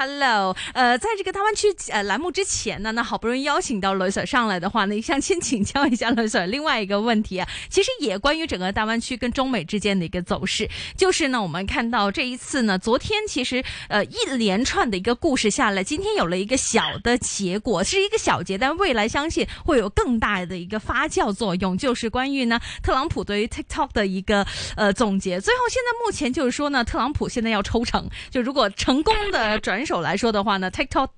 Hello，呃，在這個大灣區呃欄目之前呢，那好不容易邀請到呂 Sir 上來的話呢，一向先請教一下呂 Sir 另外一個問題啊，其實也關於整個大灣區跟中美之間的一個走勢，就是呢，我們看到這一次呢，昨天其實呃一連串的一個故事下來，今天有了一個小的結果，是一個小結，但未來相信會有更大的一個發酵作用，就是關於呢特朗普對於 TikTok 的一個呃總結。最後，現在目前就是說呢，特朗普現在要抽成就如果成功的轉手來說的話呢，TikTok。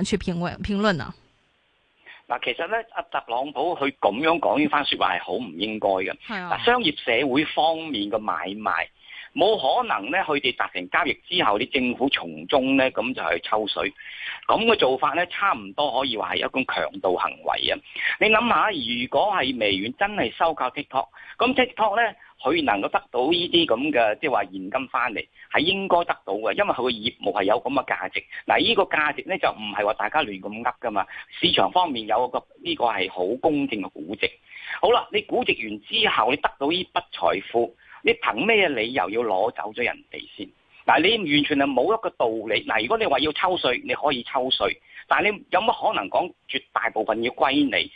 去評論評論呢？嗱，其實咧，阿特朗普佢咁樣講呢番說話係好唔應該嘅。嗱，商業社會方面嘅買賣，冇可能咧，佢哋達成交易之後，啲政府從中咧咁就去抽水。咁嘅做法咧，差唔多可以話係一種強盜行為啊！你諗下，如果係微軟真係收購 TikTok，咁 TikTok 咧。佢能夠得到呢啲咁嘅，即係話現金翻嚟，係應該得到嘅，因為佢嘅業務係有咁嘅價值。嗱，呢個價值咧就唔係話大家亂咁呃噶嘛。市場方面有個呢個係好公正嘅估值。好啦，你估值完之後，你得到呢筆財富，你憑咩理由要攞走咗人哋先？嗱，你完全係冇一個道理。嗱，如果你話要抽稅，你可以抽稅，但係你有乜可能講絕大部分要歸你？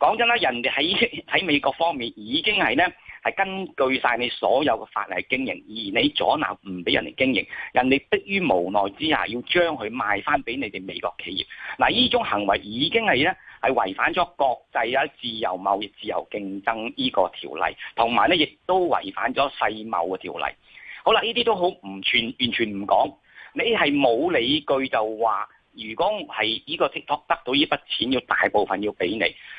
講真啦，人哋喺喺美國方面已經係咧。係根據晒你所有嘅法例經營，而你阻撓唔俾人哋經營，人哋迫於無奈之下要將佢賣翻俾你哋美國企業。嗱、啊，呢種行為已經係咧係違反咗國際啊自由貿易、自由競爭呢個條例，同埋咧亦都違反咗世貿嘅條例。好啦，呢啲都好唔全，完全唔講，你係冇理據就話。如果係呢個 TikTok 得到呢筆錢，要大部分要俾你，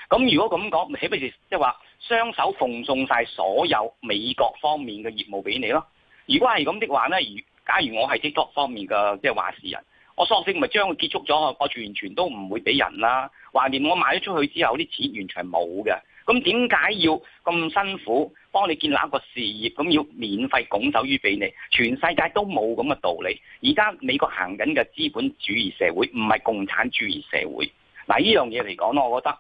咁如果咁講，豈不是即係話雙手奉送晒所有美國方面嘅業務俾你咯？如果係咁的話咧，如假如我係 TikTok 方面嘅即係話事人，我索性咪將佢結束咗，我完全都唔會俾人啦，橫掂我賣咗出去之後，啲錢完全冇嘅。咁點解要咁辛苦幫你建立一個事業？咁要免費拱手於俾你？全世界都冇咁嘅道理。而家美國行緊嘅資本主義社會，唔係共產主義社會。嗱，呢樣嘢嚟講，我覺得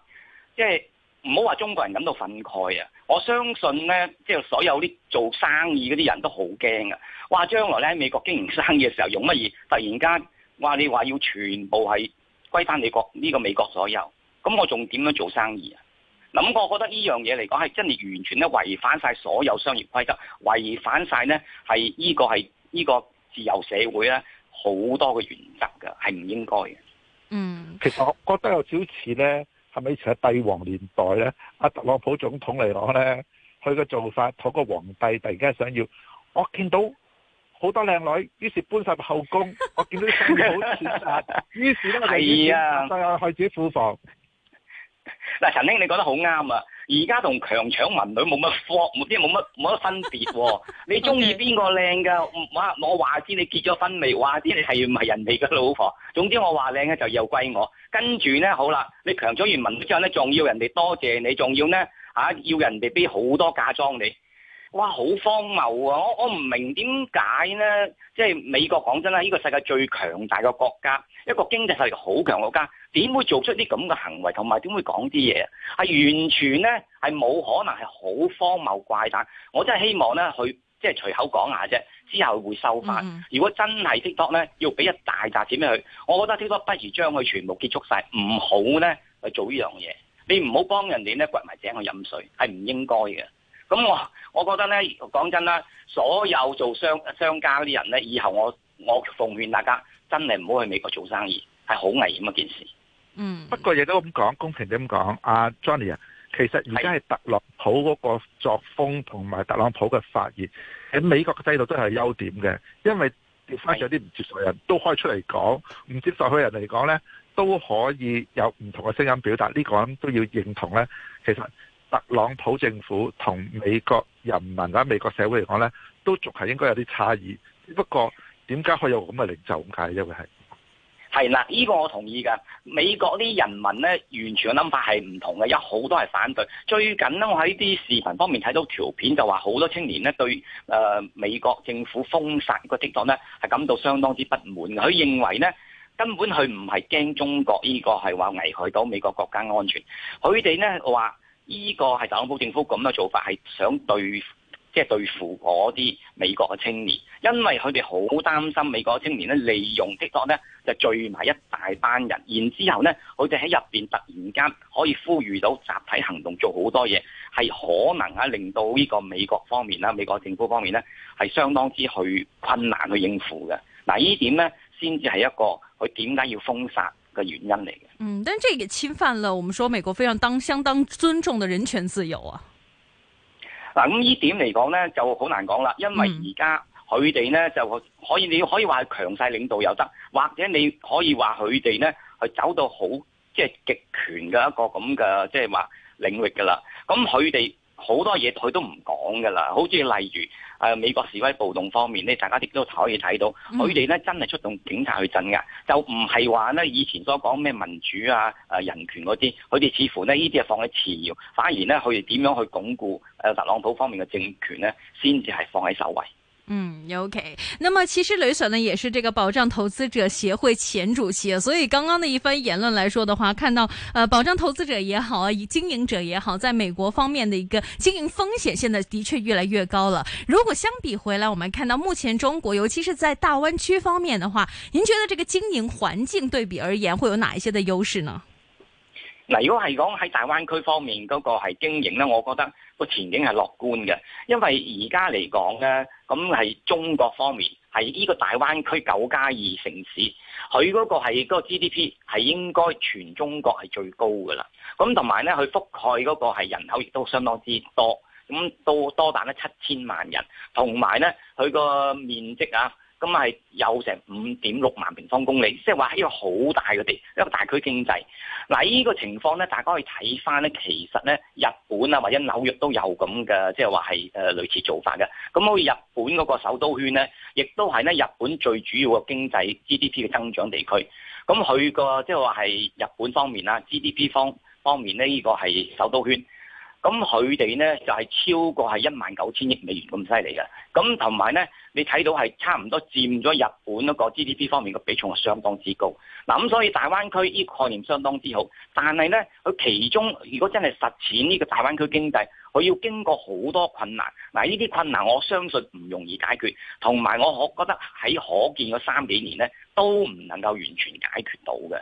即係唔好話中國人感到憤慨啊！我相信呢，即係所有啲做生意嗰啲人都好驚啊！話將來呢，喺美國經營生意嘅時候用乜嘢？突然間話你話要全部係歸翻美國呢個美國所有，咁我仲點樣做生意啊？咁我覺得呢樣嘢嚟講係真係完全咧違反晒所有商業規則，違反晒呢係呢個係呢個自由社會咧好多嘅原則㗎，係唔應該嘅。嗯，其實我覺得有少少似呢，係咪以前嘅帝王年代呢？阿特朗普總統嚟講呢，佢嘅做法妥個皇帝突然間想要，我見到好多靚女，於是搬晒後宮。 我見到啲衫好説法，於是咧我係子庫房。嗱，陳兄，你覺得好啱啊！而家同強搶民女冇乜方，即係冇乜冇乜分別。 你中意邊個靚噶？我我話知你結咗婚未？話知你係唔係人哋嘅老婆？總之我話靚嘅就又歸我。跟住咧，好啦，你強咗完民女之後咧，仲要人哋多謝你，仲要咧吓要人哋俾好多嫁妝你。哇！好荒謬啊！我我唔明點解咧，即係美國講真啦，呢個世界最強大嘅國家，一個經濟實力好強嘅國家，點會做出啲咁嘅行為，同埋點會講啲嘢，係完全咧係冇可能，係好荒謬怪誕。我真係希望咧，佢即係隨口講下啫，之後會收翻。Mm -hmm. 如果真係 TikTok 咧，要俾一大紮錢俾佢，我覺得 TikTok 不如將佢全部結束晒，唔好咧去做呢樣嘢。你唔好幫人哋咧掘埋井去飲水，係唔應該嘅。咁我我覺得咧，講真啦，所有做商商家啲人咧，以後我我奉勸大家，真係唔好去美國做生意，係好危險嘅一件事。嗯。不過亦都咁講，公平點講，阿 Johnny 啊，其實而家係特朗普嗰個作風同埋特朗普嘅發言喺美國嘅制度都係優點嘅，因為相反有啲唔接受嘅人都可以出嚟講，唔接受嘅人嚟講咧，都可以有唔同嘅聲音表達，呢個都要認同咧。其實。特朗普政府同美國人民或者美國社會嚟講呢，都仲係應該有啲差異。只不過點解可以有咁嘅領袖，咁解因為係係啦，呢、呢個我同意㗎。美國啲人民呢，完全嘅諗法係唔同嘅，有好多係反對。最近呢，我喺啲視頻方面睇到條片，就話好多青年呢對誒美國政府封殺個動作呢係感到相當之不滿的。佢認為呢，根本佢唔係驚中國呢個係話危害到美國國家安全。佢哋呢話。依、這個係特朗普政府咁嘅做法，係想對即係、就是、對付嗰啲美國嘅青年，因為佢哋好擔心美國青年咧利用 TikTok 咧就聚埋一大班人，然之後咧佢哋喺入邊突然間可以呼籲到集體行動，做好多嘢，係可能啊令到呢個美國方面啦、美國政府方面咧係相當之去困難去應付嘅。嗱，呢點咧先至係一個佢點解要封殺嘅原因嚟嘅，嗯，但係呢個侵犯了我們說美國非常當相當尊重的人權自由啊。嗱，咁呢點嚟講呢就好難講啦，因為而家佢哋呢就可以，你可以話係強勢領導又得，或者你可以話佢哋呢去走到好即係極權嘅一個咁嘅即係話領域噶啦。咁佢哋好多嘢佢都唔講噶啦，好似例如。誒美國示威暴動方面咧，大家亦都可以睇到，佢哋咧真係出動警察去鎮壓，就唔係話咧以前所講咩民主啊、誒人權嗰啲，佢哋似乎咧依啲係放喺次要，反而咧佢哋點樣去鞏固誒特朗普方面嘅政權咧，先至係放喺首位。嗯，OK。那麼，其實呂生呢也是這個保障投資者協會前主席，所以剛剛的一番言論來說的話，看到呃，保障投資者也好啊，經營者也好，在美國方面的一個經營風險，現在的確越來越高了。如果相比回來，我們看到目前中國，尤其是在大灣區方面的話，您覺得這個經營環境對比而言會有哪一些的優勢呢？那如果係講喺大灣區方面嗰，嗰個係經營呢，我覺得。個前景係樂觀嘅，因為而家嚟講咧，咁係中國方面，係呢個大灣區九加二城市，佢嗰個係嗰個 GDP 係應該全中國係最高㗎啦。咁同埋咧，佢覆蓋嗰個係人口亦都相當之多，咁都多達咧七千萬人，同埋咧佢個面積啊。咁係有成五點六萬平方公里，即係話喺一個好大嘅地，一個大區經濟。嗱，呢個情況咧，大家可以睇翻咧，其實咧，日本啊或者紐約都有咁嘅，即係話係誒類似做法嘅。咁好似日本嗰個首都圈咧，亦都係咧日本最主要嘅經濟 GDP 嘅增長地區。咁佢個即係話係日本方面啦，GDP 方方面咧，呢個係首都圈。咁佢哋咧就係超過係一萬九千億美元咁犀利嘅，咁同埋咧你睇到係差唔多佔咗日本嗰個 GDP 方面嘅比重係相當之高。嗱咁所以大灣區呢概念相當之好，但係咧佢其中如果真係實踐呢個大灣區經濟，佢要經過好多困難。嗱呢啲困難我相信唔容易解決，同埋我覺得喺可見嗰三幾年咧都唔能夠完全解決到嘅。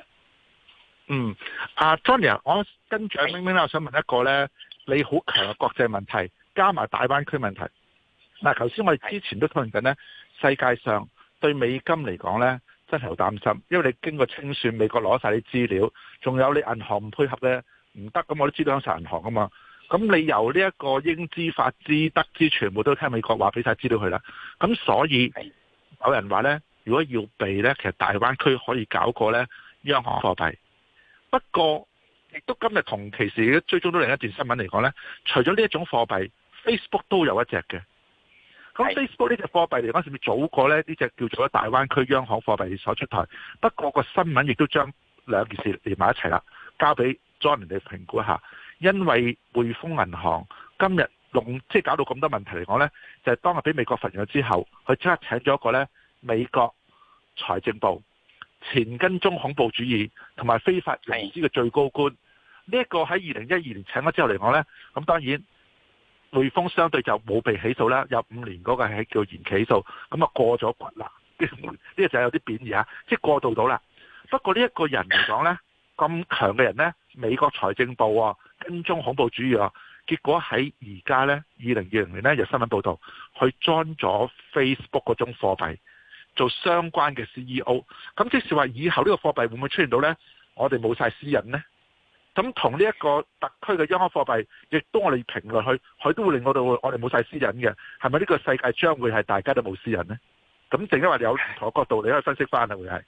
嗯，阿 Tony 我跟住明明咧，我想問一個咧。你好強嘅國際問題，加埋大灣區問題。嗱、啊，頭先我哋之前都討論緊呢，世界上對美金嚟講呢，真係好擔心，因為你經過清算，美國攞晒啲資料，仲有你銀行唔配合呢，唔得。咁我都知道有曬銀行啊嘛。咁你由呢一個英資、法資、德資，全部都聽美國話，俾晒資料佢啦。咁所以有人話呢，如果要避呢，其實大灣區可以搞過呢央行貨幣，不過。亦都今日同其時，追蹤到另一段新聞嚟講呢，除咗呢一種貨幣，Facebook 都有一隻嘅。咁 Facebook 呢隻、這個、貨幣嚟講，係咪早過呢呢隻、這個、叫做大灣區央行貨幣所出台？不過個新聞亦都將兩件事連埋一齊啦。交俾 Johnny 評估一下，因為匯豐銀行今日弄即係、就是、搞到咁多問題嚟講呢，就係、是、當日俾美國罰咗之後，佢即刻請咗一個呢美國財政部。前跟蹤恐怖主義同埋非法融資嘅最高官，呢一、這個喺二零一二年請咗之後嚟講呢，咁當然匯豐相對就冇被起訴啦，有五年嗰個係叫延期起訴，咁啊過咗骨啦，呢、這個就有啲貶義啊，即、就、係、是、過渡到啦。不過呢一個人嚟講呢，咁強嘅人呢，美國財政部、啊、跟蹤恐怖主義啊，結果喺而家呢，二零二零年呢，有新聞報道，佢掌咗 Facebook 嗰種貨幣。做相關嘅 CEO，咁即是話以後呢個貨幣會唔會出現到呢？我哋冇晒私隱呢。咁同呢一個特區嘅央行貨幣，亦都我哋評論去，佢都會令到我哋我哋冇晒私隱嘅，係咪呢個世界將會係大家都冇私隱呢？咁正因為有唔同角度，你可以分析翻啊，會係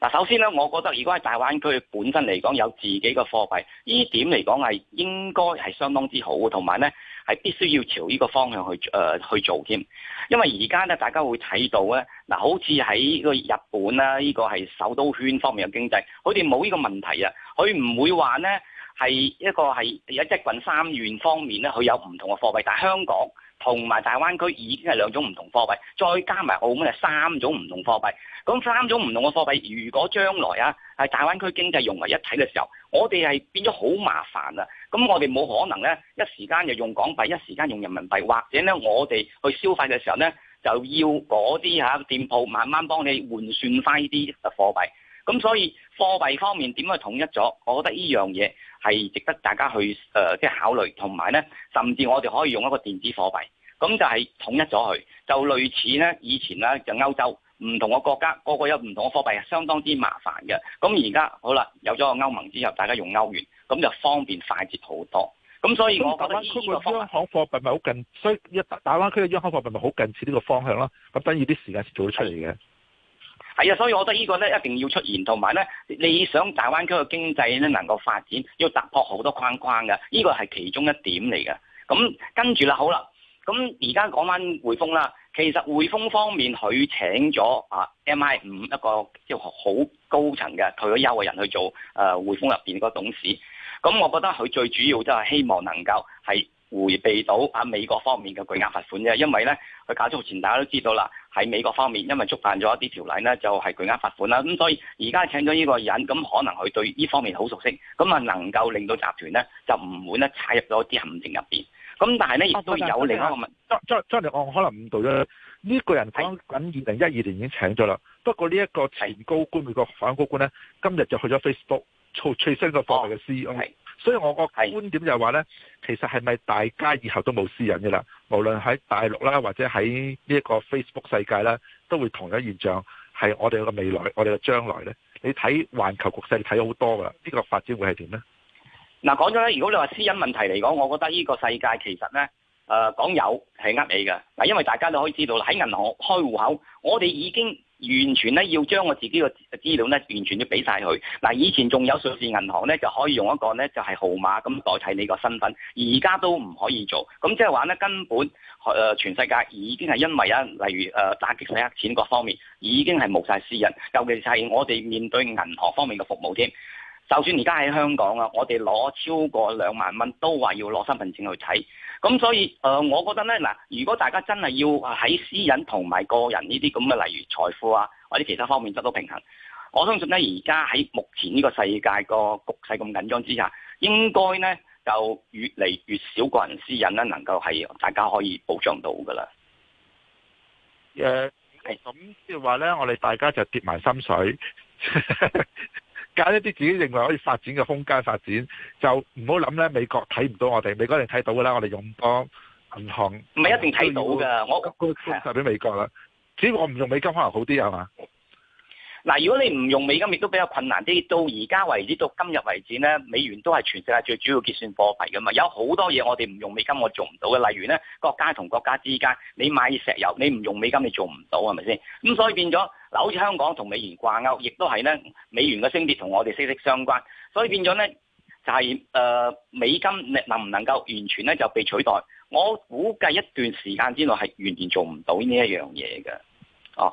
嗱，首先呢，我覺得如果係大灣區本身嚟講有自己嘅貨幣，呢點嚟講係應該係相當之好同埋呢。係必須要朝呢個方向去誒、呃、去做㗎，因為而家咧，大家會睇到咧，嗱，好似喺呢個日本啦，呢、呢個係首都圈方面嘅經濟，佢哋冇呢個問題啊，佢唔會話咧係一個係有一郡三縣方面咧，佢有唔同嘅貨幣，但係香港，同埋大灣區已經係兩種唔同貨幣，再加埋澳門係三種唔同貨幣。咁三種唔同嘅貨幣，如果將來啊係大灣區經濟融為一體嘅時候，我哋係變咗好麻煩啊！咁我哋冇可能咧一時間就用港幣，一時間用人民幣，或者咧我哋去消費嘅時候咧就要嗰啲吓店鋪慢慢幫你換算返啲嘅貨幣。咁所以貨幣方面點去統一咗？我覺得呢樣嘢係值得大家去、呃、即係考慮，同埋咧，甚至我哋可以用一個電子貨幣，咁就係統一咗佢，就類似咧以前咧，就歐洲唔同嘅國家個個有唔同嘅貨幣，相當之麻煩嘅。咁而家好啦，有咗個歐盟之後，大家用歐元，咁就方便快捷好多。咁所以我覺得呢個方向貨幣咪好近，所以呢個大灣區嘅央行貨幣咪好近似呢個方向咯。咁等於啲時間先做得出嚟嘅。係啊，所以我覺得呢個咧一定要出現，同埋咧你想大灣區嘅經濟咧能夠發展，要突破好多框框嘅，呢個係其中一點嚟嘅。咁、嗯嗯、跟住啦，好啦，咁而家講翻匯豐啦，其實匯豐方面佢請咗啊 MI5 一個即係好高層嘅退咗休嘅人去做誒、呃、匯豐入邊個董事，咁我覺得佢最主要就係希望能夠係迴避到啊美國方面嘅巨額罰款啫，因為咧佢較早前大家都知道啦。喺美國方面，因為觸犯咗一啲條例呢，就係、是、巨額罰款啦。咁所以而家請咗呢個人，咁可能佢對呢方面好熟悉，咁啊能夠令到集團呢，就唔會呢踩入咗啲陷阱入邊。咁但係呢，亦都有另一個問題。再、啊、我可能誤導咗呢個人，睇緊二零一二年已經請咗啦。不過呢一個前高官、美國反高官呢，今日就去咗 Facebook 做最新個法幣嘅 CEO。所以我個觀點就係話呢，其實係咪大家以後都冇私隱嘅啦？無論喺大陸啦，或者喺呢一個 Facebook 世界啦，都會同樣現象，係我哋個未來，我哋嘅將來呢，你睇環球局勢，你睇好多㗎啦，呢個發展會係點呢？嗱，講咗咧，如果你話私隱問題嚟講，我覺得呢個世界其實呢，誒、呃、講有係呃你㗎嗱，因為大家都可以知道啦，喺銀行開戶口，我哋已經。完全咧要將我自己嘅資料咧，完全要俾晒佢。嗱，以前仲有瑞士銀行咧，就可以用一個咧就係號碼咁代替你個身份，而家都唔可以做。咁即係話咧，根本誒全世界已經係因為啊，例如誒打擊洗黑錢各方面，已經係冇晒私人。尤其係我哋面對銀行方面嘅服務添，就算而家喺香港啊，我哋攞超過兩萬蚊都話要攞身份證去睇。咁所以，誒、呃，我覺得咧，嗱，如果大家真係要喺私隱同埋個人呢啲咁嘅，例如財富啊，或者其他方面得到平衡，我相信咧，而家喺目前呢個世界個局勢咁緊張之下，應該咧就越嚟越少個人私隱咧能夠係大家可以保障到㗎喇。誒，咁即係話咧，我哋大家就跌埋心水。 揀一啲自己認為可以發展嘅空間發展，就唔好諗咧。美國睇唔到我哋，美國一定睇到㗎啦。我哋用多銀行，唔係一定睇到㗎。我分散俾美國啦，只要我唔用美金可能好啲係嘛？嗱，如果你唔用美金，亦都比較困難啲。到而家為止，到今日為止咧，美元都係全世界最主要的結算貨幣噶嘛。有好多嘢我哋唔用美金，我做唔到嘅。例如咧，國家同國家之間，你買石油，你唔用美金，你做唔到，係咪先？咁所以變咗，嗱，好似香港同美元掛鈎，亦都係咧，美元嘅升跌同我哋息息相關。所以變咗咧，就係、係呃、美金能唔能夠完全咧就被取代？我估計一段時間之內係完全做唔到呢一樣嘢嘅，哦。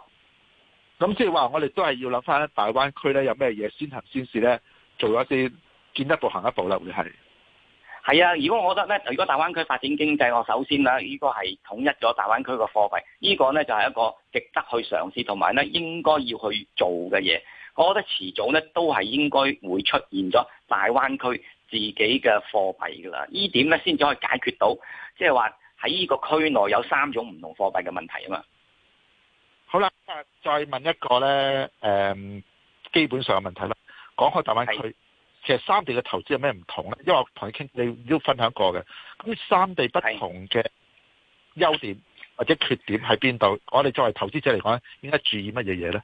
咁即係話，我哋都係要諗翻大灣區咧有咩嘢先行先試咧，做咗先，見一步行一步啦，會係。係啊，如果我覺得咧，如果大灣區發展經濟，我首先呢，呢、呢個係統一咗大灣區嘅貨幣，呢個、呢個咧就係、是、一個值得去嘗試，同埋咧應該要去做嘅嘢。我覺得遲早咧都係應該會出現咗大灣區自己嘅貨幣噶啦，呢點咧先至可以解決到，即係話喺呢個區內有三種唔同貨幣嘅問題啊嘛。好啦，再問一個呢。誒，基本上嘅問題啦，講開大灣區，其實三地嘅投資有咩唔同呢？因為我同你傾，你都分享過嘅，咁三地不同嘅優點或者缺點喺邊度？我哋作為投資者嚟講，應該注意乜嘢嘢呢？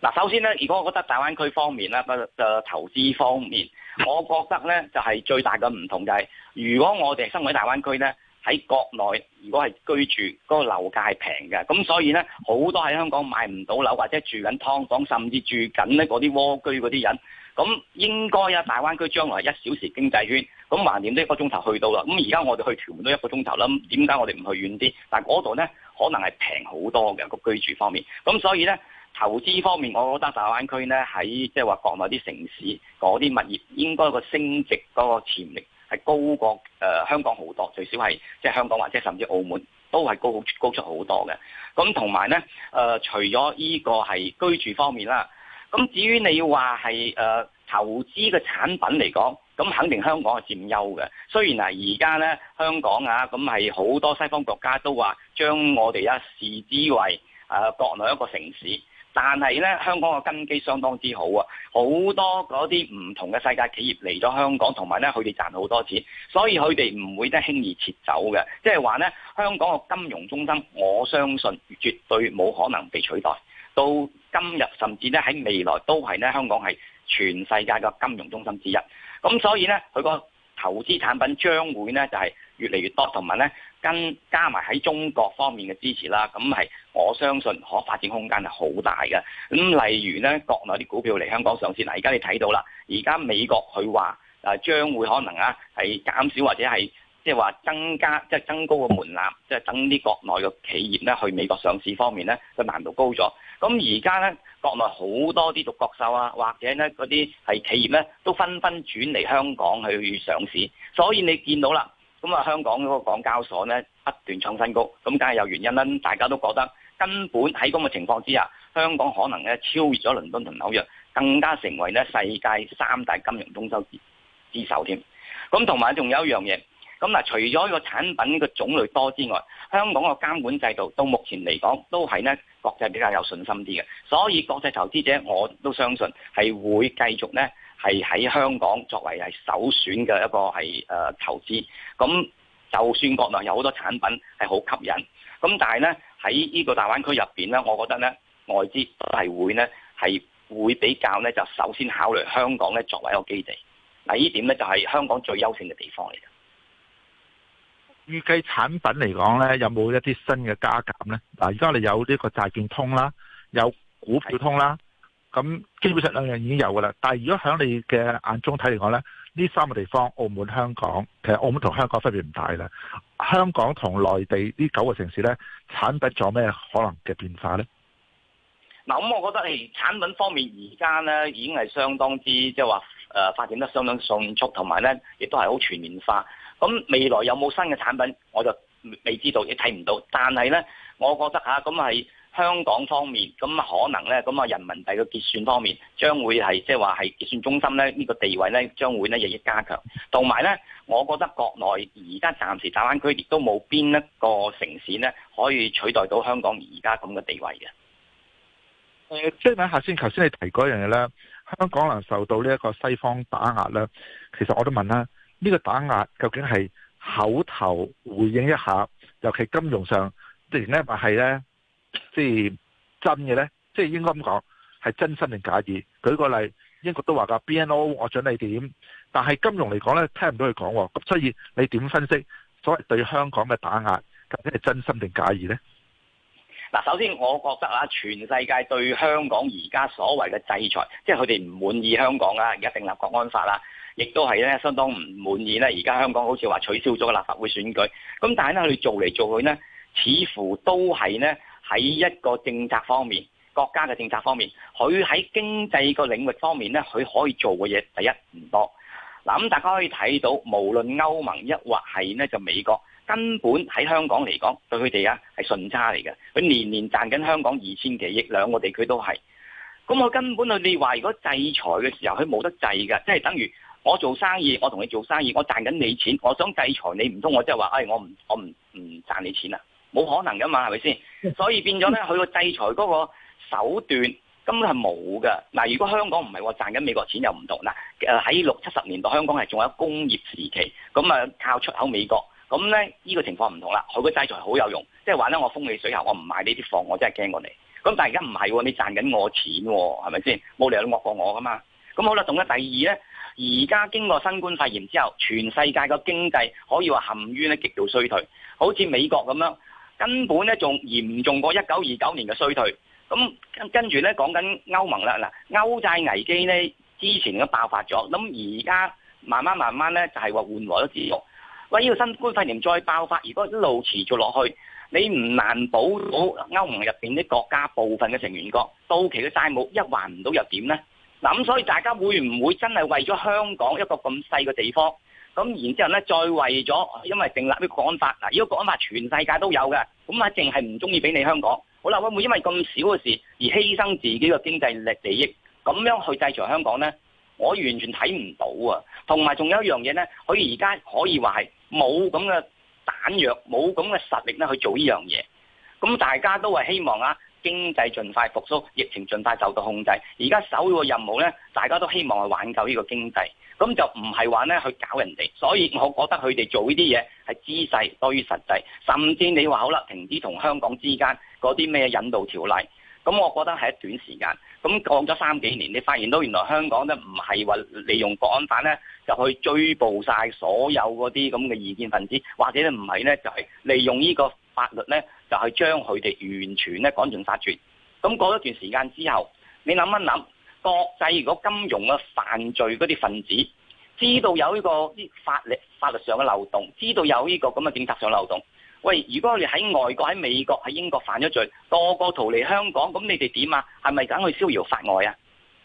嗱，首先呢，如果我覺得大灣區方面呢嘅投資方面，我覺得呢就係最大嘅唔同就係，如果我哋生活喺大灣區呢。喺國內，如果係居住嗰個樓價係平嘅，咁所以呢，好多喺香港買唔到樓，或者住緊劏房，甚至住緊呢嗰啲窩居嗰啲人，咁應該啊，大灣區將來一小時經濟圈，咁橫掂都一個鐘頭去到啦。咁而家我哋去屯門都一個鐘頭啦，點解我哋唔去遠啲？但係嗰度呢，可能係平好多嘅個居住方面，咁所以呢，投資方面，我覺得大灣區呢，喺即係話國內啲城市嗰啲物業，應該有個升值嗰個潛力。係高過誒、呃、香港好多，最少係即係香港或者甚至澳門都係高高出好多嘅。咁同埋呢，呃、除咗呢個係居住方面啦，咁至於你要話係投資嘅產品嚟講，咁肯定香港係佔優嘅。雖然係而家呢，香港啊，咁係好多西方國家都話將我哋啊視之為誒國內一個城市。但係咧，香港嘅根基相當之好啊！好多嗰啲唔同嘅世界企業嚟咗香港，同埋咧佢哋賺好多錢，所以佢哋唔會得輕易撤走嘅。即係話咧，香港嘅金融中心，我相信絕對冇可能被取代。到今日甚至咧喺未來都係咧香港係全世界嘅金融中心之一。咁所以咧，佢個投資產品將會咧就係越嚟越多，同埋咧。跟加埋喺中國方面嘅支持啦，咁係我相信可發展空間係好大嘅。咁例如咧，國內啲股票嚟香港上市，嗱，而家你睇到啦，而家美國佢話啊將會可能啊係減少，或者係即係話增加，即係增高個門檻，即係等啲國內嘅企業咧去美國上市方面咧就難度高咗。咁而家咧國內好多啲獨角獸啊，或者咧嗰啲係企業咧都紛紛轉嚟香港去上市，所以你見到啦。咁啊，香港嗰個港交所咧不斷創新高，咁梗係有原因啦。大家都覺得根本喺咁嘅情況之下，香港可能咧超越咗倫敦同紐約，更加成為咧世界三大金融中心之首添。咁同埋仲有一樣嘢，咁嗱，除咗個產品嘅種類多之外，香港個監管制度到目前嚟講都係咧國際比較有信心啲嘅，所以國際投資者我都相信係會繼續呢。係喺香港作為係首選嘅一個係誒、呃、投資，咁就算國內有好多產品係好吸引，咁但係呢喺呢個大灣區入邊呢，我覺得呢外資係會呢係會比較呢，就首先考慮香港呢作為一個基地。嗱，呢點呢，就係、是、香港最優勝嘅地方嚟嘅。預計產品嚟講呢，有冇一啲新嘅加減呢？嗱，而家你有呢個債券通啦，有股票通啦。咁基本上兩樣已經有噶啦，但係如果喺你嘅眼中睇嚟講咧，呢三個地方，澳門、香港，其實澳門同香港分別唔大啦。香港同內地呢九個城市咧，產品仲有咩可能嘅變化咧？嗱，咁我覺得係產品方面而家咧已經係相當之即係話誒發展得相當迅速，同埋咧亦都係好全面化。咁未來有冇新嘅產品，我就未，未知道亦睇唔到。但係咧，我覺得嚇咁係。啊香港方面咁可能呢，咁啊，人民幣嘅結算方面將會係即係話係結算中心呢，呢、呢個地位呢，將會呢日益加強。同埋呢，我覺得國內而家暫時大灣區亦都冇邊一個城市呢，可以取代到香港而家咁嘅地位嘅。誒、呃，追問一下先，頭先你提嗰樣嘢呢，香港能受到呢一個西方打壓呢，其實我都問啦，呢、呢個打壓究竟係口頭回應一下，尤其金融上定呢唔係呢。即係真嘅呢？即係應該咁講，係真心定假意？舉個例，英國都話噶 BNO，我准你點？但係金融嚟講呢，聽唔到佢講，咁所以你點分析所謂對香港嘅打壓究竟係真心定假意呢？嗱，首先我覺得啊，全世界對香港而家所謂嘅制裁，即係佢哋唔滿意香港啊，而家定立國安法啦，亦都係呢相當唔滿意呢。而家香港好似話取消咗個立法會選舉，咁但係呢，佢做嚟做去呢，似乎都係呢。喺一個政策方面，國家嘅政策方面，佢喺經濟個領域方面咧，佢可以做嘅嘢第一唔多。嗱，咁大家可以睇到，無論歐盟抑或係咧就美國，根本喺香港嚟講，對佢哋啊係順差嚟嘅。佢年年賺緊香港二千幾億，兩個地區都係。咁我根本就你話如果制裁嘅時候，佢冇得制嘅，即係等於我做生意，我同你做生意，我賺緊你錢，我想制裁你唔通我即係話，哎，我唔我唔唔賺你錢啊？冇可能噶嘛，係咪先？ 所以變咗咧，佢個制裁嗰個手段根本係冇㗎。嗱，如果香港唔係喎，賺緊美國錢又唔同嗱，喺、呃、六七十年代香港係仲有工業時期，咁啊靠出口美國。咁咧呢、呢個情況唔同啦，佢個制裁好有用，即係話咧我封你水喉，我唔買呢啲貨，我真係驚過你。咁但係而家唔係，你賺緊我錢，啊，係咪先？冇理由惡過我噶嘛。咁好啦，仲有第二咧，而家經過新冠肺炎之後，全世界個經濟可以話陷於咧極度衰退，好似美國咁樣。根本咧仲嚴重過一九二九年嘅衰退，咁跟跟住咧講緊歐盟啦，嗱歐債危機咧之前都爆發咗，咁而家慢慢慢慢咧就係、是、話緩和咗自由。喂，呢個新冠肺炎再爆發，如果一路持續落去，你唔難保到歐盟入邊啲國家部分嘅成員國到期嘅債務一還唔到又點咧？嗱咁所以大家會唔會真係為咗香港一個咁細嘅地方？咁然之後咧，再為咗，因為成立啲講法，嗱，如果講法全世界都有嘅，咁啊，淨係唔中意俾你香港，好啦，會唔會因為咁少嘅事而犧牲自己嘅經濟力利益，咁樣去制裁香港咧？我完全睇唔到啊！同埋仲有一樣嘢咧，佢而家可以話係冇咁嘅彈藥，冇咁嘅實力咧去做呢樣嘢，咁大家都係希望啊。經濟盡快復甦，疫情盡快受到控制。而家首要嘅任務呢，大家都希望去挽救呢個經濟，咁就唔係話呢去搞人哋。所以我覺得佢哋做呢啲嘢係姿勢多於實際，甚至你話好啦，停止同香港之間嗰啲咩引渡條例，咁我覺得係一段時間。咁過咗三幾年，你發現到原來香港呢唔係話利用國安法呢就去追捕晒所有嗰啲咁嘅意見分子，或者咧唔係呢就係、是、利用呢個。法律咧就係、是、將佢哋完全咧趕盡殺絕。咁過咗一段時間之後，你諗一諗，國際如果金融嘅犯罪嗰啲分子，知道有呢個啲法律法律上嘅漏洞，知道有呢個咁嘅政策上漏洞，喂，如果我哋喺外國喺美國喺英國犯咗罪，個個逃離香港，咁你哋點啊？係咪等佢逍遙法外啊？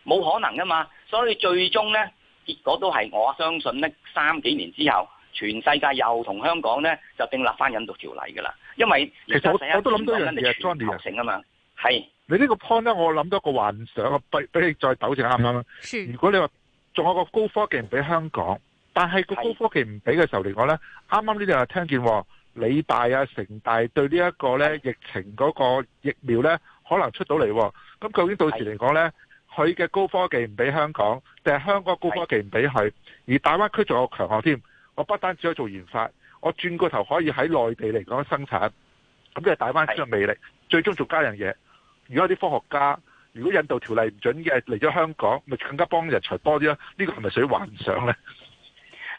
冇可能㗎嘛！所以最終咧，結果都係我相信呢三幾年之後，全世界又同香港咧就訂立翻引渡條例㗎喇。因為其實我都諗到一樣嘢，Johnny 啊嘛，係你這個呢個 point 咧，我諗到一個幻想，俾俾你再糾正，啱唔啱啊？如果你話仲有個高科技唔俾香港，但係個高科技唔俾嘅時候嚟講咧，啱啱呢度又聽見理大啊、城大對呢一個咧疫情嗰個疫苗咧，可能出到嚟，咁、嗯、究竟，到時嚟講咧，佢嘅高科技唔俾香港，定係香港高科技唔俾佢？而大灣區仲有強項添，我不單止可以做研發。我轉個頭可以喺內地嚟講生產，咁即係大灣區嘅魅力。最終做加樣嘢，如果啲科學家，如果引渡條例唔準嘅嚟咗香港，咪更加幫人才多啲咯？呢、這個係咪屬於幻想咧？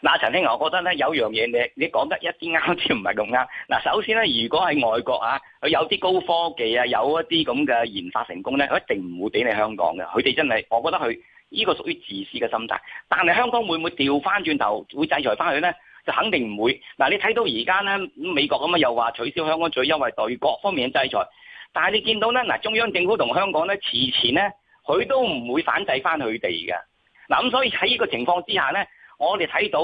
嗱、啊，陳兄，我覺得咧有樣嘢你你講得一啲啱，先唔係咁啱。嗱、啊，首先咧，如果喺外國啊，佢有啲高科技啊，有一啲咁嘅研發成功咧，佢一定唔會俾你香港嘅。佢哋真係，我覺得佢呢、這個屬於自私嘅心態。但係香港會唔會調翻轉頭會制裁翻佢咧？就肯定唔會。嗱，你睇到而家咧，美國咁啊又話取消香港最優惠待遇各方面嘅制裁，但係你見到咧嗱，中央政府同香港咧遲遲咧，佢都唔會反制翻佢哋嘅嗱，咁所以喺呢個情況之下咧，我哋睇到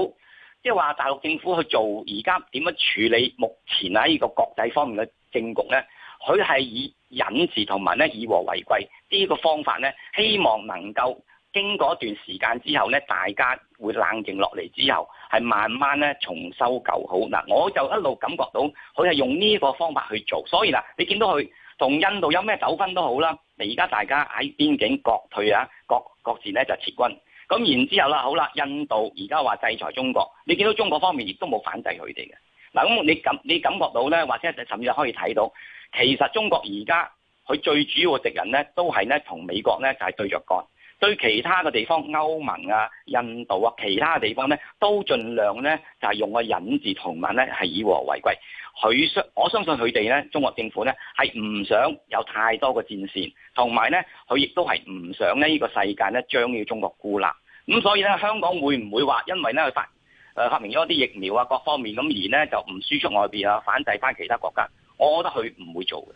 即係話大陸政府去做而家點樣處理目前喺呢個國際方面嘅政局咧，佢係以忍字同埋咧以和為貴呢、這個方法咧，希望能夠。經過一段時間之後咧，大家會冷靜落嚟之後，係慢慢咧重修舊好嗱。我就一路感覺到佢係用呢個方法去做，所以嗱，你見到佢同印度有咩糾紛都好啦。而家大家喺邊境各退啊，各各自咧就撤軍。咁然之後啦，好啦，印度而家話制裁中國，你見到中國方面亦都冇反制佢哋嘅嗱。咁你感你感覺到咧，或者就甚至可以睇到，其實中國而家佢最主要嘅敵人咧，都係咧同美國咧就係對著幹。對其他嘅地方，歐盟啊、印度啊、其他嘅地方咧，都盡量咧就係、是、用個忍字同文咧，係以和為貴。佢相我相信佢哋咧，中國政府咧係唔想有太多嘅戰線，同埋咧佢亦都係唔想咧呢個世界咧將要中國孤立。咁所以咧，香港會唔會話因為咧佢發、呃、發明咗啲疫苗啊，各方面咁而咧就唔輸出外邊啊，反制返其他國家？我覺得佢唔會做嘅。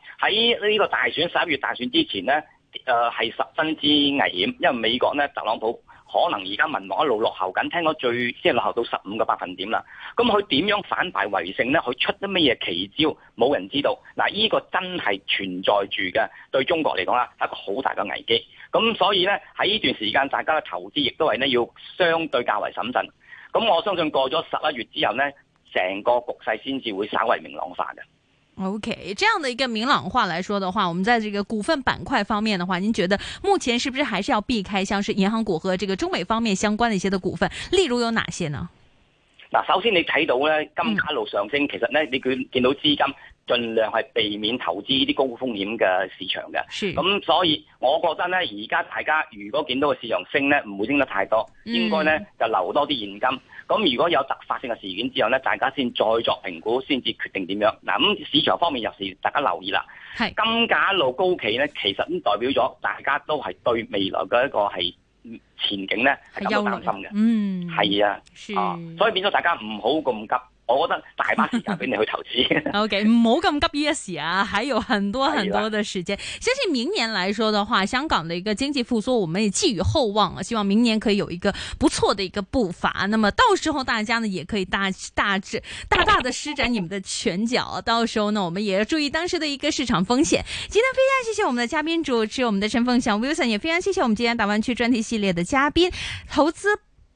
喺呢個大選十一月大選之前呢，誒、呃、係十分之危險，因為美國呢特朗普可能而家民望一路落後緊，聽講最即係落後到十五個百分點啦。咁佢點樣反敗為勝呢？佢出咗咩嘢奇招？冇人知道。嗱，呢個真係存在住嘅，對中國嚟講啦，係一個好大嘅危機。咁所以呢，喺呢段時間，大家嘅投資亦都係呢要相對較為審慎。咁我相信過咗十一月之後呢，成個局勢先至會稍為明朗化嘅。O、okay, K，這樣的一個明朗化來說的話，我們在這個股份板塊方面的話，您覺得目前是不是還是要避開，像是銀行股和這個中美方面相關的一些的股份，例如有哪些呢？嗱，首先你睇到咧，金價一路上升，嗯、其實咧，你佢見到資金盡量係避免投資呢啲高風險嘅市場嘅，咁所以我覺得呢，而家大家如果見到個市場升呢，唔會升得太多，應該呢就留多啲現金。咁如果有突發性嘅事件之後咧，大家先再作評估，先至決定點樣。嗱，咁市場方面有時，大家留意啦。係，金價一路高企咧，其實咁代表咗大家都係對未來嘅一個係前景咧係感到擔心嘅。嗯，係啊是，啊，所以變咗大家唔好咁急。我覺得大把時間俾你去投資。O K，唔好咁急，Yes 啊，還有很多很多的時間。相信明年來說的話，香港的一個經濟復甦，我們也寄予厚望啊。希望明年可以有一個不錯的一個步伐。那麼到時候大家呢，也可以大大致大，大大的施展你們的拳腳。 到時候呢，我們也要注意當時的一個市場風險。今天非常謝謝我們的嘉賓主持，我們的陳鳳翔 Wilson，也非常謝謝我們今天大灣區專題系列的嘉賓投資。